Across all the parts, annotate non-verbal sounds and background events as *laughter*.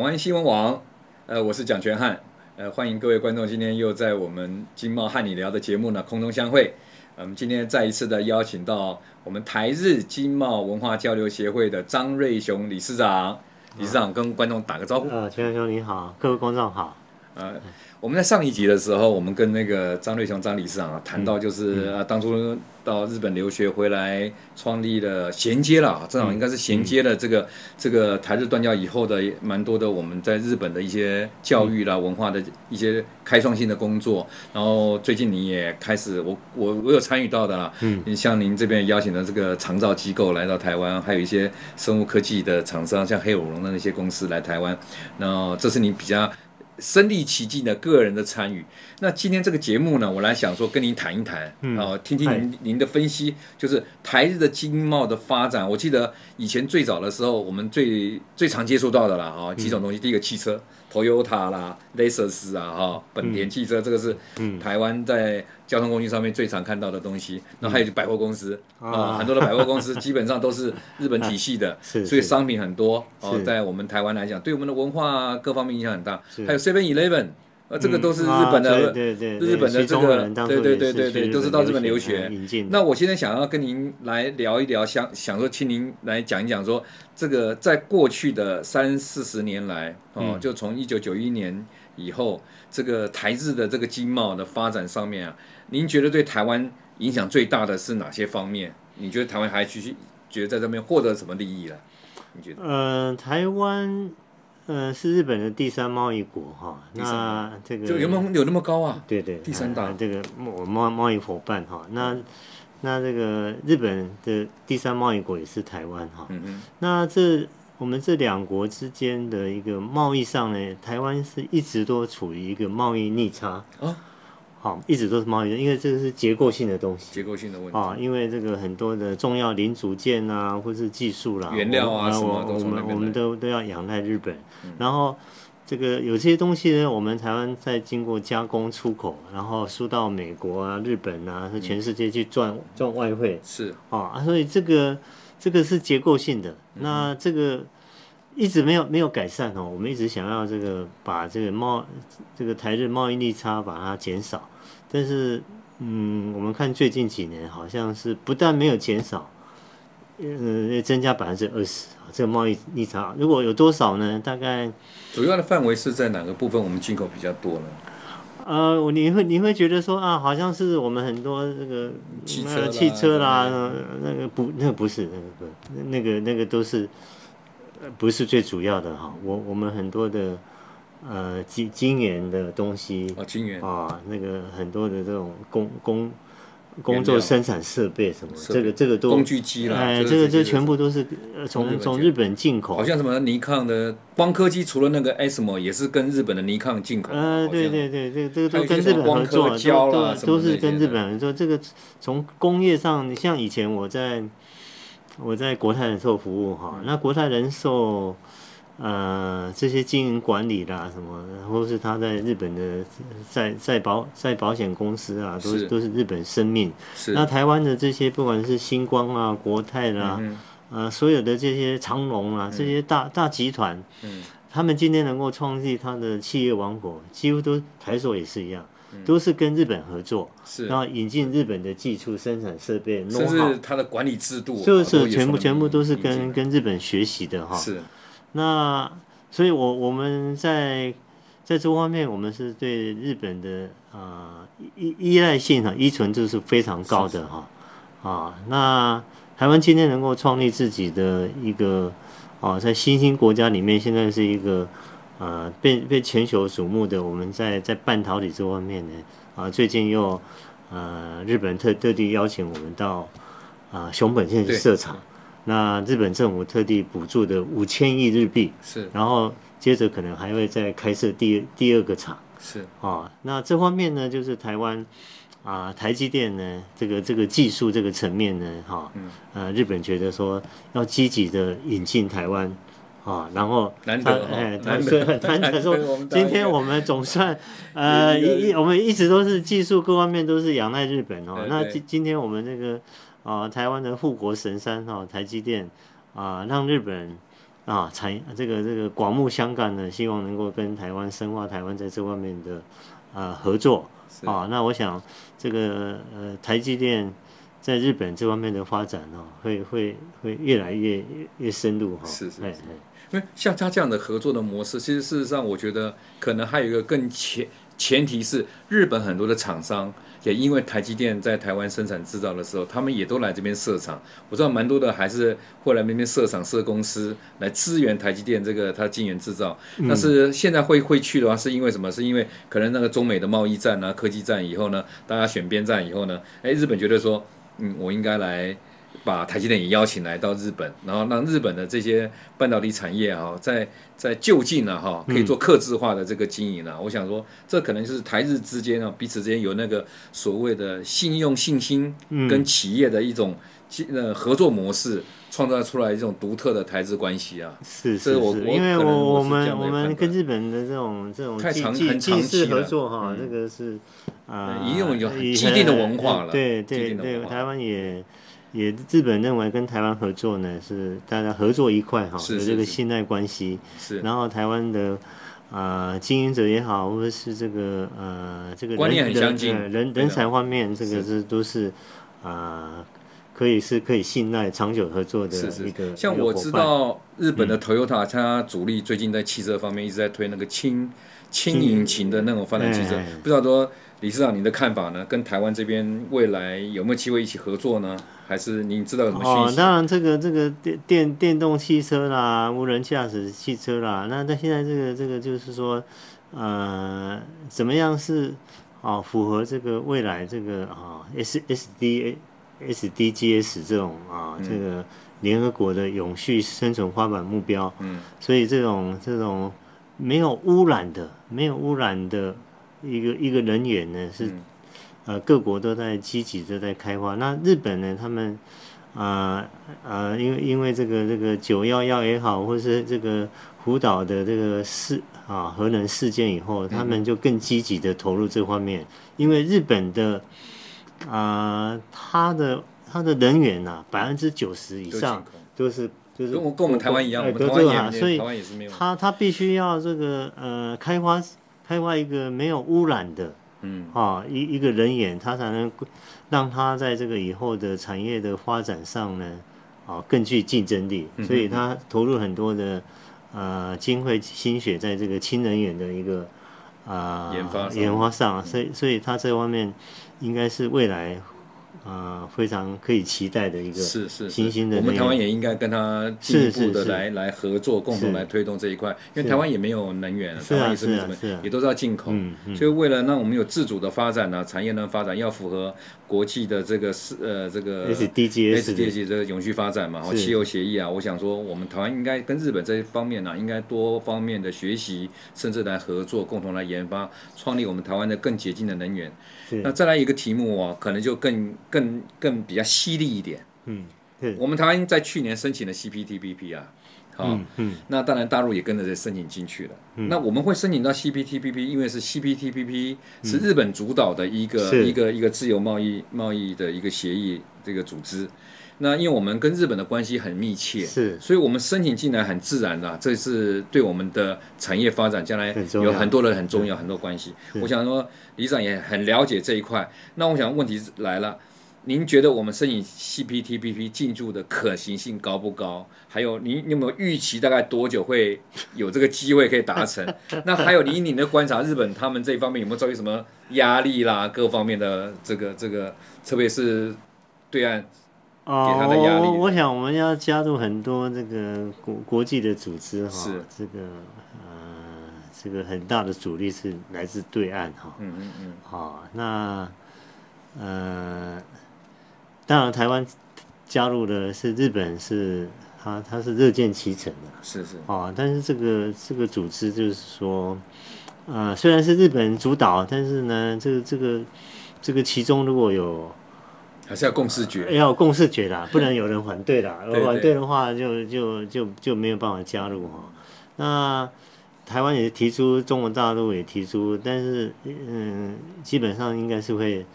港灣、嗯、新聞網，呃，我是蔣權瀚，呃，歡迎各位觀眾今天又在我們經貿瀚你聊的節目呢空中相會，我們、呃、今天再一次的邀請到我們台日經貿文化交流協會的張瑞雄理事長，理事長跟觀眾打個招呼。啊、呃，張先生你好，各位觀眾好。啊、我們在上一集的時候，我們跟那個張瑞雄張理事長啊談到，就是、嗯嗯、啊，當初到日本留學回來，創立了銜接了啊，正好應該是銜接了這個、嗯嗯、這個台日斷交以後的蠻多的我們在日本的一些教育啦、啊、嗯、文化的一些開創性的工作。然後最近你也開始，我我我有參與到的啦，嗯，像您這邊邀請的這個長照機構來到台灣，還有一些生物科技的廠商，像黑五龍的那些公司來台灣，那這是你比較，身歷其境的個人的參與，那今天這個節目呢，我來想說跟您談一談，啊、嗯哦，聽聽您唉您的分析，就是台日的經貿的發展。我記得以前最早的時候，我們最最常接觸到的啦，哈、哦、幾種東西，嗯、第一個汽車。Toyota 啦 Lexus 啊，哈、哦，本田汽車，這個是台灣在交通工具上面最常看到的東西。那，嗯，還有百貨公司、嗯，啊，很多的百貨公司基本上都是日本體系的，啊，所以商品很多。是是哦，在我們台灣來講，是對我們的文化各方面影響很大。是還有 Seven Eleven。11, 呃，這個都是日本的，嗯啊、對對對日本的這個，對對對對對，都是到日本留學。嗯、那我現在想要跟您來聊一聊，想想說，請您來講一講，說這個在過去的三四十年來，哦，嗯、就從一九九一年以後，這個台日的這個經貿的發展上面啊，您覺得對台灣影響最大的是哪些方面？你覺得台灣還繼續覺得在這邊獲得什麼利益了、啊？你覺得？嗯、呃，台灣。嗯、呃，是日本的第三貿易國哈，哦、第三，那這個有沒有，有那麼高啊？對對，第三大，啊啊，這個貿貿易夥伴哈，哦，那那這個日本的第三貿易國也是台灣哈，嗯嗯，那這我們這兩國之間的一個貿易上呢，台灣是一直都處於一個貿易逆差啊。好，一直都是貿易的，因為這是結構性的東西，結構性的問題啊、哦，因為這個很多的重要零組件啊，或是技術啦、啊、原料啊，什麼我們我們，我們都都要仰賴日本。嗯、然後這個有些東西呢，我們台灣在經過加工出口，然後輸到美國啊、日本啊、全世界去賺賺、嗯、外匯，是啊、哦，所以這個這個是結構性的，嗯、那這個。一直沒有沒有改善哦，我們一直想要這個把這個貿這個台日貿易逆差把它減少，但是嗯，我們看最近幾年好像是不但沒有減少，嗯、呃，增加百分之二十，這個貿易逆差如果有多少呢？大概主要的範圍是在哪個部分？我們進口比較多呢？呃，你會你會覺得說啊，好像是我們很多這個汽車汽車啦，那個不，那個不是那個那個那個都是。不是最主要的哈，我我們很多的，呃，晶晶圓的東西啊，晶圓啊，那個很多的這種工工料工作生產設備什麼，備這個這個都工具機啦，哎，這，這個這全部都是從從日本進口，好像什麼尼康的光刻機，除了那個 ASML 也是跟日本的尼康進口。呃，對對對，這個這個都跟日本合作，都都是跟日本。你做，啊，這個從工業上，你像以前我在。我在國泰人壽服務哈，那國泰人壽，呃，這些經營管理啦什麼，或是他在日本的，在在保在保險公司啊，都都是日本生命。是那台灣的這些，不管是星光啊、國泰啦，嗯、哼呃，所有的這些長隆啊，這些大大集團，嗯、他們今天能夠創立他的企業王國，幾乎都台所也是一樣。都是跟日本合作，是然後引進日本的技術、生產設備，甚至它的管理制度，就是，是全部全部都是跟跟日本學習的哈、哦。是，那所以我，我我們在在這方面，我們是對日本的啊、呃、依依賴性啊依存度是非常高的哈、哦、是啊。那台灣今天能夠創立自己的一個啊，在新興國家裡面，現在是一個。呃，被被全球矚目的，我們在在半導體這方面呢，啊，最近又呃，日本特特地邀請我們到啊、呃、熊本縣去設廠，那日本政府特地補助的五千億日幣是，然後接着可能還會再開設第二第二個廠是啊、哦，那這方面呢，就是台灣啊、呃，台積電呢，這個這個技術這個層面呢，哈、哦嗯呃，日本覺得說要積極的引進台灣。啊，然後難得，哎，難得，難得說，今天我們總算，呃，一，我們一直都是技術各方面都是仰賴日本哦。那今今天我們這個啊，台灣的護國神山哈，台積電啊，讓日本啊，才這個這個刮目相看呢，希望能夠跟台灣深化台灣在這方面的呃合作啊。那我想這個呃台積電在日本這方面的發展哦，會會會越來越越深入哈。是是是。因為像他這樣的合作的模式，其實事實上，我覺得可能還有一個更前前提是，日本很多的廠商也因為台積電在台灣生產製造的時候，他們也都來這邊設廠。我知道蠻多的還是後來那邊設廠設公司來支援台積電這個它的晶圓製造。但、嗯、是現在會會去的話，是因為什麼？是因為可能那個中美的貿易戰啊、科技戰以後呢，大家選邊站以後呢，哎，日本覺得說，嗯，我應該來。把台積電也邀請來到日本，然後讓日本的這些半導體產業啊、哦，在在就近了、啊、哈，可以做客製化的這個經營啊，嗯、我想說，這可能是台日之間啊，彼此之間有那個所謂的信用信心，跟企業的一種、嗯、呃合作模式，創造出來一種獨特的台日關係啊。是是，是我因為我我們我們跟日本的這種這種經很經濟合作哈、啊，嗯、這個是啊，已、呃、經有很既定的文化了。對對對，對，的文化對，台灣也。也日本人認為跟台灣合作呢，是大家合作一塊哈，是、是、是有這個信賴關係。是、是。然後台灣的啊、呃、經營者也好，或者是這個呃這個觀念很相近，人人、吧人才方面這個是、是都是啊、呃、可以是可以信賴、長久合作的一個。像我知道日本的 Toyota，它主力最近在汽車方面一直在推那個氫氫引擎的那種發展汽車，不知道說。理事長，您的看法呢？跟台灣這邊未來有沒有機會一起合作呢？還是您知道什麼訊息？哦，當然、這個，這個這個電電電動汽車啦，無人駕駛汽車啦，那在現在這個這個就是說，呃，怎麼樣是哦符合這個未來這個啊、哦、，S S D A S D G S 這種啊、哦，這個聯合國的永續生存發展目標。嗯。所以這種這種沒有污染的，沒有污染的。一個一個能源呢是，呃，各國都在積極的在開發。那日本呢，他們啊啊、呃呃，因為因為這個這個九幺幺也好，或是這個福島的這個事啊核能事件以後，他們就更積極的投入這方面。嗯、因為日本的啊、呃，他的他的能源啊，百分之九十以上都是就是跟我們台灣一樣，我們、呃、台灣也是沒有，所以他他必須要這個呃開發。開發一個沒有污染的，嗯啊一一個能源，他才能讓他在這個以後的產業的發展上呢，啊更具競爭力。嗯、哼哼，所以他投入很多的，呃，經費心血在這個清能源的一個啊、呃、研發研發上，發上嗯、所以所以他這方面應該是未來，啊，非常可以期待的一個的是是新興的，我們台灣也應該跟他進一步的來來合作，共同來推動這一塊。因為台灣也沒有能源，台灣也是沒什麼也都是要進口，所以為了讓我們有自主的發展呢、啊，產業能發展要符合國際的這個是呃這個 SDGs，SDGs 這個永續發展嘛，然後汽油協議啊，我想說我們台灣應該跟日本這一方面呢、啊，應該多方面的學習，甚至來合作，共同來研發，創立我們台灣的更潔淨的能源。那再來一個題目哦，可能就更更更比較犀利一點。嗯，對，我們台灣在去年申請了 CPTPP 啊，好，嗯嗯、那當然大陸也跟着這申請進去了。嗯、那我們會申請到 CPTPP，因為是 CPTPP 是日本主導的一個、嗯、一個是一個自由貿易貿易的一個協議，這個組織。那因為我們跟日本的關係很密切，是，所以我們申請進來很自然的、啊，這是對我們的產業發展將來有很多人很重要，很，重要很多關係。是我想說，理事長也很了解這一塊。那我想問題來了，您覺得我們申請 CPTPP 進駐的可行性高不高？還有，您有沒有預期大概多久會有這個機會可以達成？ *laughs* 那還有，您您的觀察，日本他們這方面有沒有遭遇什麼壓力啦？各方面的這個這個，特別是對岸。哦、呃，我我，我想我們要加入很多這個國國際的組織哈、哦，是這個呃這個很大的阻力是來自對岸哈、哦嗯，嗯嗯嗯，哦，那呃當然台灣加入的是日本是它它是樂見其成的，是是，哦，但是這個這個組織就是說呃雖然是日本主導，但是呢這個這個這個其中如果有。還是要共識決，要共識決啦，不能有人反對啦。如果 *laughs* 對反對的話就，就就就就沒有辦法加入哈、哦。那台灣也提出，中國大陸也提出，但是嗯，基本上應該是會，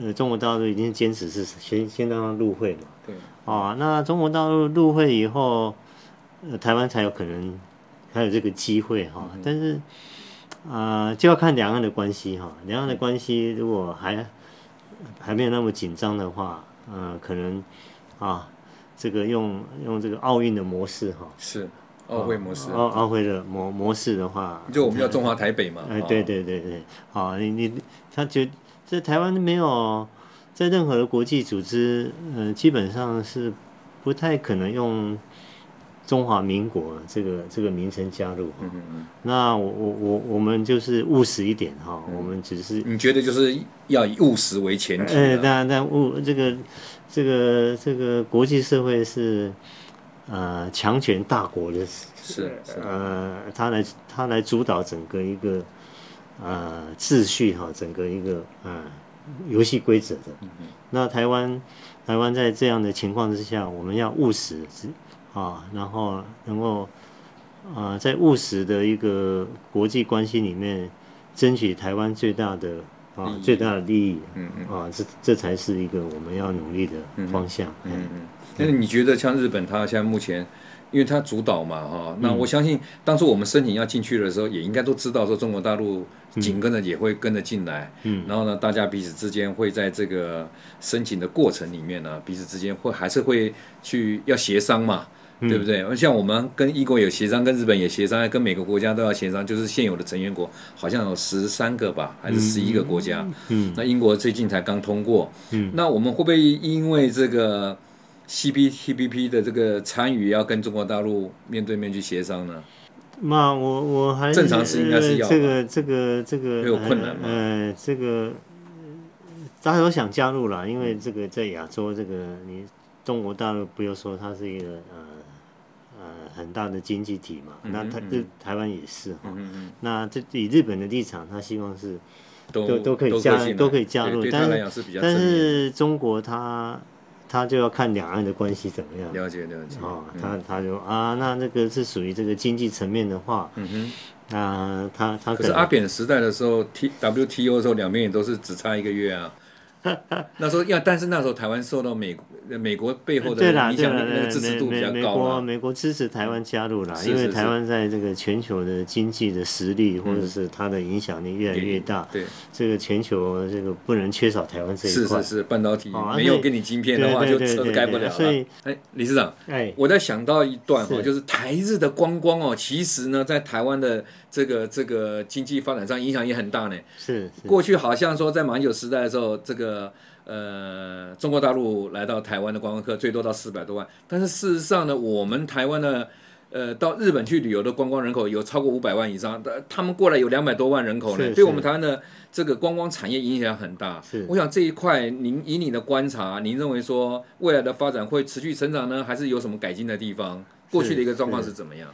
呃，中國大陸已經堅持是先先讓它入會嘛。對、哦。那中國大陸入會以後，呃、台灣才有可能才有這個機會哈、哦。嗯嗯但是啊、呃，就要看兩岸的關係哈、哦。兩岸的關係如果還。還沒有那麼緊張的話，嗯、呃，可能啊，這個用用這個奧運的模式哈，哦、是，奧運會模式，奧奧運會的模模式的話，就我們叫中華台北嘛，哎、呃，對對對對，好、哦哦，你你他覺在台灣沒有在任何的國際組織，嗯、呃，基本上是不太可能用。中華民國、啊、這個這個名稱加入、啊，嗯嗯那我我我我們就是務實一點哈、啊，嗯、我們只是你覺得就是要以務實為前提、啊。哎、欸，當然務這個這個這個國際社會是啊強、呃、權大國的是是呃，他來他來主導整個一個啊、呃、秩序哈、啊，整個一個啊遊戲規則的。嗯、哼那台灣台灣在這樣的情況之下，我們要務實是。啊，然後能夠，啊，在務實的一個國際關係裡面，爭取台灣最大的啊、嗯、最大的利益，嗯嗯，嗯啊，這這才是一個我們要努力的方向，嗯嗯。那、嗯嗯嗯、你覺得像日本，它現在目前，因為它主導嘛，哈、啊，那我相信當初我們申請要進去的時候，嗯、也應該都知道說中國大陸緊跟着也會跟着進來，嗯，然後呢，大家彼此之間會在這個申請的過程裡面呢、啊，彼此之間會還是會去要協商嘛。對不對？嗯、像我們跟英國有協商，跟日本也協商，跟每個國家都要協商。就是現有的成員國好像有十三個吧，還是十一個國家？嗯，嗯，那英國最近才剛通過。嗯，那我們會不會因為這個 CPTPP 的這個參與，要跟中國大陸面對面去協商呢？那我我還正常是應該是要、呃、這個這個這個沒有困難嗎？哎、呃，這個大家都想加入了，因為這個在亞洲這個你中國大陸不要說，它是一個呃。很大的經濟體嘛，那他日台灣也是哈，那這以日本的立場，他希望是都都可以加都可以加入，但是但是中國他他就要看兩岸的關係怎麼樣。了解了解哦，他他就啊，那那個是屬於這個經濟層面的話，嗯哼，那他他可是阿扁時代的時候，WTO 的時候，兩邊也都是只差一個月啊。 *laughs* 那時候要，但是那時候台灣受到美美國背後的影響力的那個支持度比較高美，美，美，國、啊、美國支持台灣加入了，因為台灣在這個全球的經濟的實力或者是它的影響力越來越大，嗯、對，對這個全球這個不能缺少台灣這一塊，是是是，半導體、啊、沒有給你晶片的話就車蓋不了了。哎，理事、欸以欸、長，哎、欸，我在想到一段哦，欸、就是台日的觀光哦，是其實呢，在台灣的。這個這個經濟發展上影響也很大呢。是，是過去好像說在馬英九時代的時候，這個呃中國大陸來到台灣的觀光客最多到四百多萬。但是事實上呢，我們台灣呢，呃，到日本去旅遊的觀光人口有超過五百萬以上，但他們過來有兩百多萬人口呢，對我們台灣的這個觀光產業影響很大。是，我想這一塊您以你的觀察，您認為說未來的發展會持續成長呢，還是有什麼改進的地方？過去的一個狀況是怎麼樣？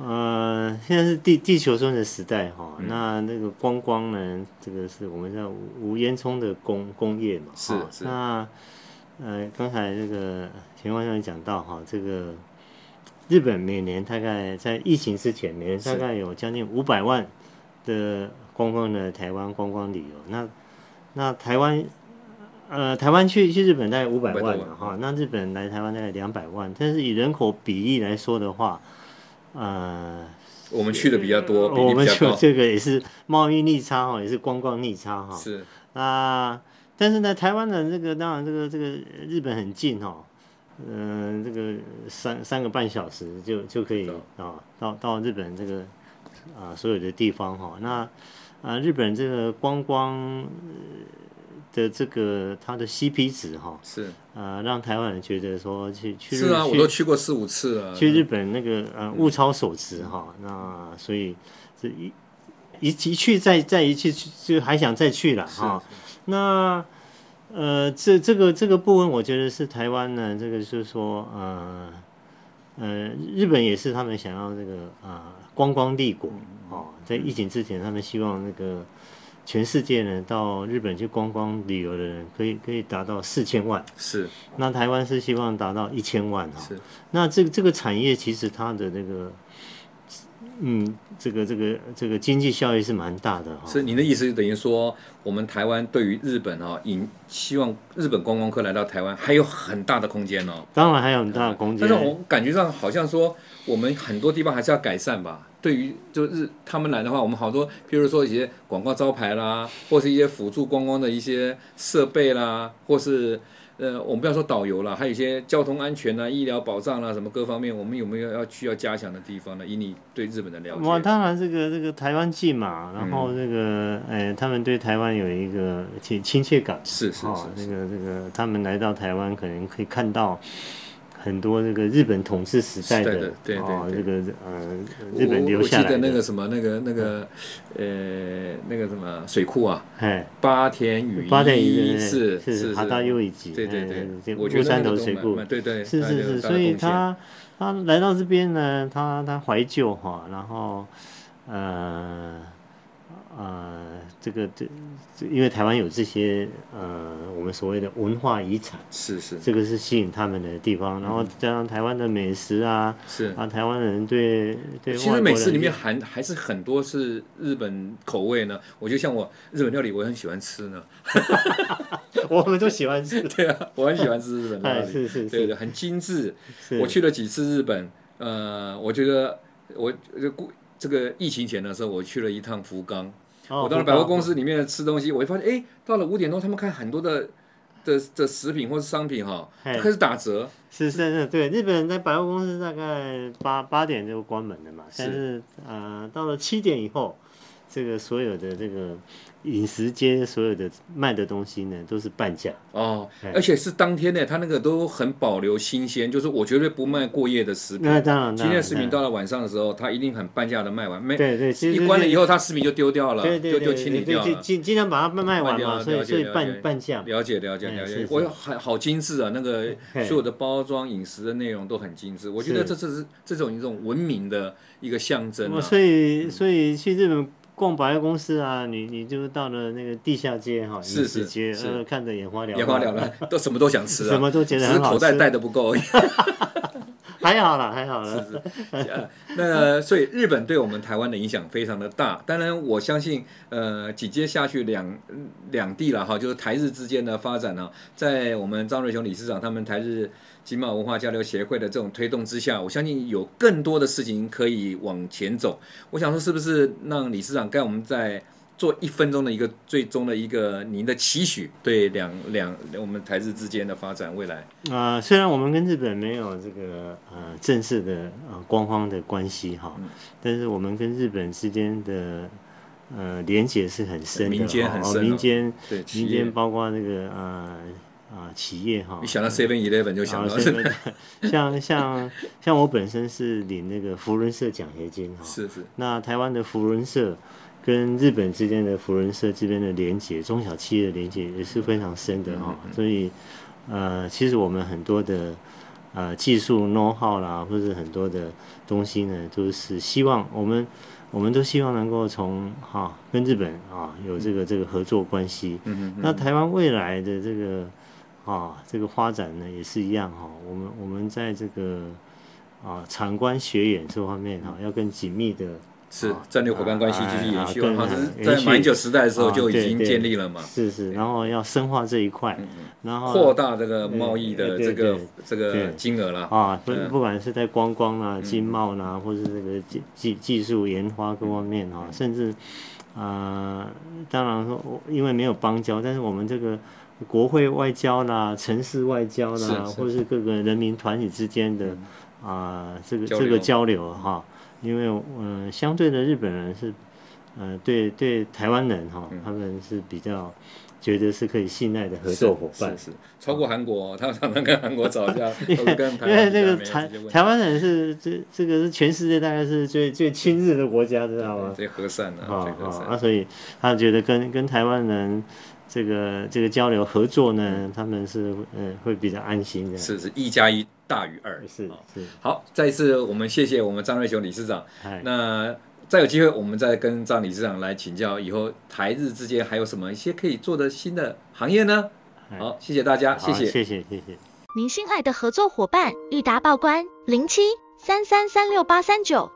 呃，現在是地地球村的時代哈，嗯、那那個觀光呢，這個是我們叫無無煙囪的工工業嘛，是是。是那呃，剛才這、那個前面講到哈，這個日本每年大概在疫情之前，每年大概有將近五百萬的觀光的台灣觀光旅遊是。那那台灣呃，台灣去去日本大概五百萬的話，那日本來台灣大概兩百萬，但是以人口比例來說的話，呃，我們去的比較多，我們去這個也是貿易逆差哈、哦，也是觀光逆差哈、哦。是，那、呃、但是呢，台灣的這個當然這個這個日本很近哈、哦，嗯、呃，這個三三個半小時就就可以啊知道、哦，到到日本這個啊、呃、所有的地方哈、哦。那啊、呃，日本這個觀光。呃的這個，他的 CP 值哈，哦、是呃，讓台灣人覺得說去去是啊，去我都去過四五次了，去日本那個、嗯、呃物超所值哈，那所以這一一一去再再一去就還想再去了哈，哦、是是那呃這這個這個部分，我覺得是台灣呢，這個就是說呃呃日本也是他們想要這個啊觀、呃、光帝國哦，在疫情之前，他們希望那個。嗯嗯全世界呢，到日本去觀光旅遊的人可，可以可以達到四千萬。是，那台灣是希望達到一千萬哈、哦。是，那這個這個產業其實它的那個。嗯，這個這個這個經濟效益是蠻大的哈、哦。所以你的意思就等於說，我們台灣對於日本啊、哦、引希望日本觀光客來到台灣還有很大的空間哦。當然還有很大的空間，但是我感覺上好像說我們很多地方還是要改善吧。對於就日他們來的話，我們好多，比如說一些廣告招牌啦，或是一些輔助觀光的一些設備啦，或是。呃，我們不要說導遊了，還有一些交通安全啊、醫療保障啊什麼各方面，我們有沒有要需要加強的地方呢？以你對日本的了解，我當然這個這個台灣近嘛，然後這個呃、嗯欸，他們對台灣有一個親親切感，是是是、哦，這個這個他們來到台灣可能可以看到。很多那個日本統治時代的。對對對。哦，那個呃，日本留下來的那個什麼那個那個，呃，那個什麼水庫啊，八田與一，八田與一是是大稻 o g 烏山頭水庫，對對，是是是，所以他他來到這邊呢，他他懷舊哈，然後呃。啊、呃，這個這這，因為台灣有這些呃，我們所謂的文化遺產，是是，這個是吸引他們的地方。然後加上台灣的美食啊，是啊，台灣人對對，其實美食裡面含對還是很多是日本口味呢。嗯、我就像我日本料理，我很喜歡吃呢。 *laughs* *laughs* 我們都喜歡吃， *laughs* 對啊，我很喜歡吃日本料理，哎、是是是對對，很精緻。是我去了幾次日本，呃，我覺得我過這個疫情前的時候，我去了一趟福岡。我到了百貨公司裡面吃東西，我就發現，哎、欸，到了五點鐘，他們看很多的的的食品或是商品，哈，開始打折。是是是，對，日本人在百貨公司大概八八點就關門了嘛，但是，是呃，到了七點以後。這個所有的這個飲食街，所有的賣的東西呢，都是半價哦，而且是當天呢，他那個都很保留新鮮，就是我絕對不賣過夜的食品。那當然，今天食品到了晚上的時候，他一定很半價的賣完。沒對對，一關了以後，他食品就丟掉了，就就清理掉。盡盡量把它賣賣完嘛，所以所以半半價。了解了解了解，我好好精緻啊，那個所有的包裝飲食的內容都很精緻，我覺得這這是這種一種文明的一個象徵啊，所以所以去日本。逛百貨公司啊，你你就到了那個地下街哈、哦，是，是，是街 是，呃，看着眼花繚亂，眼花繚亂，都什麼都想吃啊， *laughs* 什麼都覺得很好吃，口袋帶的不夠而已。 *laughs* *laughs* 還好了，還好了、啊，那所以日本對我們台灣的影響非常的大，當然我相信，呃，緊接下去兩兩地了哈，就是台日之間的發展呢，在我們張瑞雄理事長他們台日經貿文化交流協會的這種推動之下，我相信有更多的事情可以往前走。我想說，是不是讓理事長跟我們在，做一分鐘的一個最終的一個您的期許，對兩兩,兩我們台日之間的發展未來啊、呃，雖然我們跟日本沒有這個呃正式的呃官方的關係哈，哦嗯、但是我們跟日本之間的呃連接是很深的，民間很深、哦哦，民間對民間包括那個呃啊、呃、企業哈，業你想到 seven eleven 就想到這個，像像 *laughs* 像我本身是領那個扶輪社獎學金哈，哦、是是，那台灣的扶輪社。跟日本之間的福仁社這邊的連接，中小企業的連接也是非常深的哈、哦，所以呃，其實我們很多的呃技術 know how 啦，或者很多的東西呢，都、就是希望我們我們都希望能夠從哈、啊、跟日本啊有這個這個合作關係，嗯、哼哼那台灣未來的這個啊這個發展呢也是一樣哈、哦，我們我們在這個啊產官學研這方面哈、啊，要更緊密的。是戰略夥伴關係就是延續，它是在滿酒時代的時候就已經建立了嘛。是、啊、是，啊啊啊啊、然後要深化這一塊，然後擴大這個貿易的這個這個金額了啊。不不管是在觀光啊、經貿啊或是這個技技技術研發各方面啊，甚至啊、呃，當然說因為沒有邦交，但是我們這個國會外交啦、城市外交啦，是是或是各個人民團體之間的啊、嗯呃，這個流這個交流哈。嗯因為，嗯、呃，相對的日本人是，嗯、呃，對對台灣人哈，哦嗯、他們是比較覺得是可以信賴的合作夥伴，超過韓國、哦，他們常常跟韓國吵架 *laughs* 台灣，因為因為這個台台灣人是這 *laughs* 這個是全世界大概是最最親日的國家，知道嗎？最和善的，啊、哈、哦。那、哦啊、所以他覺得跟跟台灣人。這個這個交流合作呢，嗯、他們是嗯會比較安心的，是是，一加一大於二，是是、哦。好，再一次我們謝謝我們張瑞雄理事長。嗯、那再有機會，我們再跟張理事長來請教，以後台日之間還有什麼一些可以做的新的行業呢？嗯、好，謝謝大家，好謝,謝,謝謝，謝謝，謝您信賴的合作夥伴，諭達報關，零七三三三六八三九。